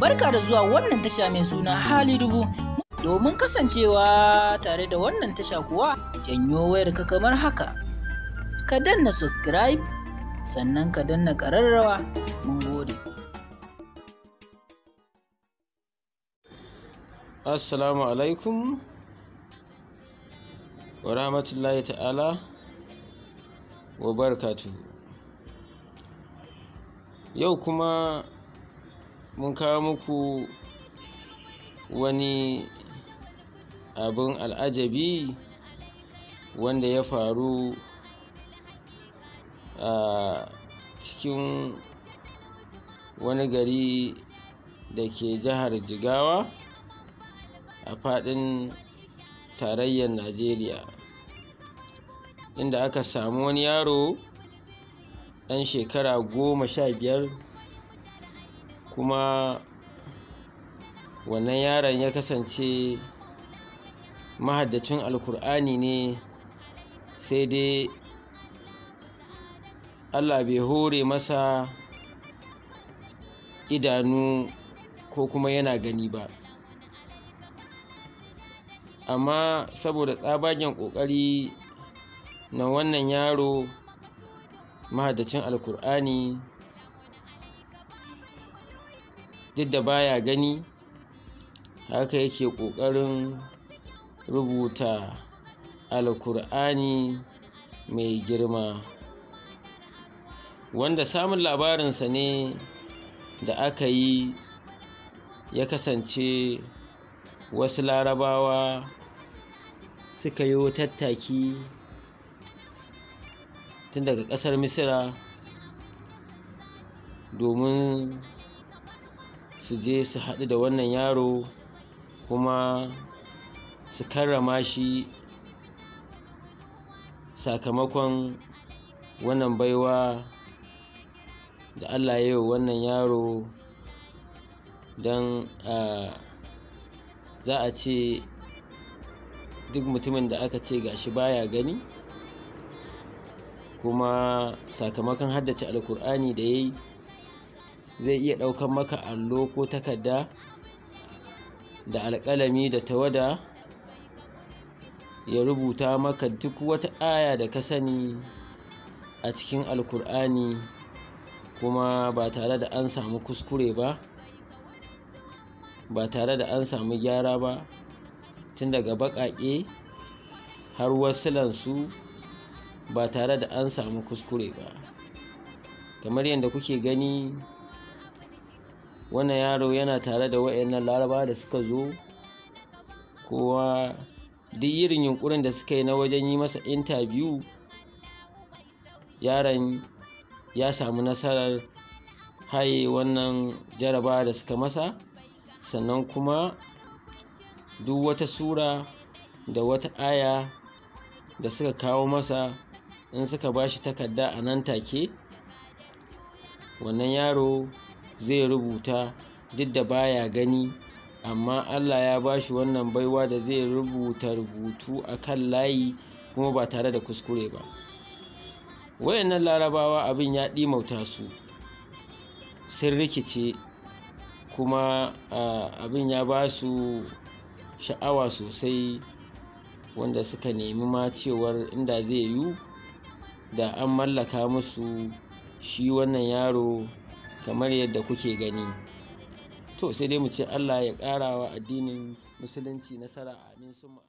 barka da zuwa wannan tasha mai suna hali dubu domin kasancewa tare da wannan tasha kuwa janyo wayarka kamar haka ka danna subscribe sannan ka danna ƙararrawa mun gode assalamu alaikum wa rahmatullahi ta'ala wa barkatu, yau kuma mun kawo muku wani abin al'ajabi wanda ya faru a cikin wani gari da ke jihar jigawa a faɗin tarayyar najeriya inda aka samu wani yaro ɗan shekara goma sha biyar kuma wannan yaron ya kasance mahaddacin alkur'ani ne sai dai allah bai hore masa idanu ko kuma yana gani ba amma saboda tsabagen ƙoƙari na wannan yaro mahaddacin alkur'ani duk da baya gani haka yake ƙoƙarin rubuta alkur'ani mai girma wanda samun labarinsa ne da aka yi ya kasance wasu larabawa suka yi tattaki tun daga ƙasar misira domin su je su haɗu da wannan yaro kuma su karrama shi sakamakon wannan baiwa da allah ya yi wannan yaro don za a ce duk mutumin da aka ce gashi baya gani kuma sakamakon haddace alkur'ani da ya yi zai iya ɗaukar maka allo ko takarda da alƙalami da tawada ya rubuta maka duk wata aya da ka sani a cikin alkur'ani kuma ba tare da an samu kuskure ba ba tare da an samu gyara ba tun daga baƙaƙe har wasu ba tare da an samu kuskure ba kamar yadda kuke gani wannan yaro yana tare da wa'annan laraba da suka zo kowa duk irin yunkurin da suka yi na wajen yi masa intabiyu yaron ya samu nasarar haye wannan jaraba da suka masa sannan kuma duk wata sura da wata aya da suka kawo masa in suka bashi takarda a nan take wannan yaro zai rubuta duk da baya gani amma Allah ya ba shi wannan baiwa da zai rubuta rubutu a kan layi kuma ba tare da kuskure ba wayannan larabawa abin ya ɗimauta su sun rikice kuma abin ya ba su sha'awa sosai wanda suka nemi ma cewar inda zai yiwu da an mallaka musu shi wannan yaro kamar yadda kuke gani to sai dai mu ce allah ya ƙara wa addinin musulunci nasara amin su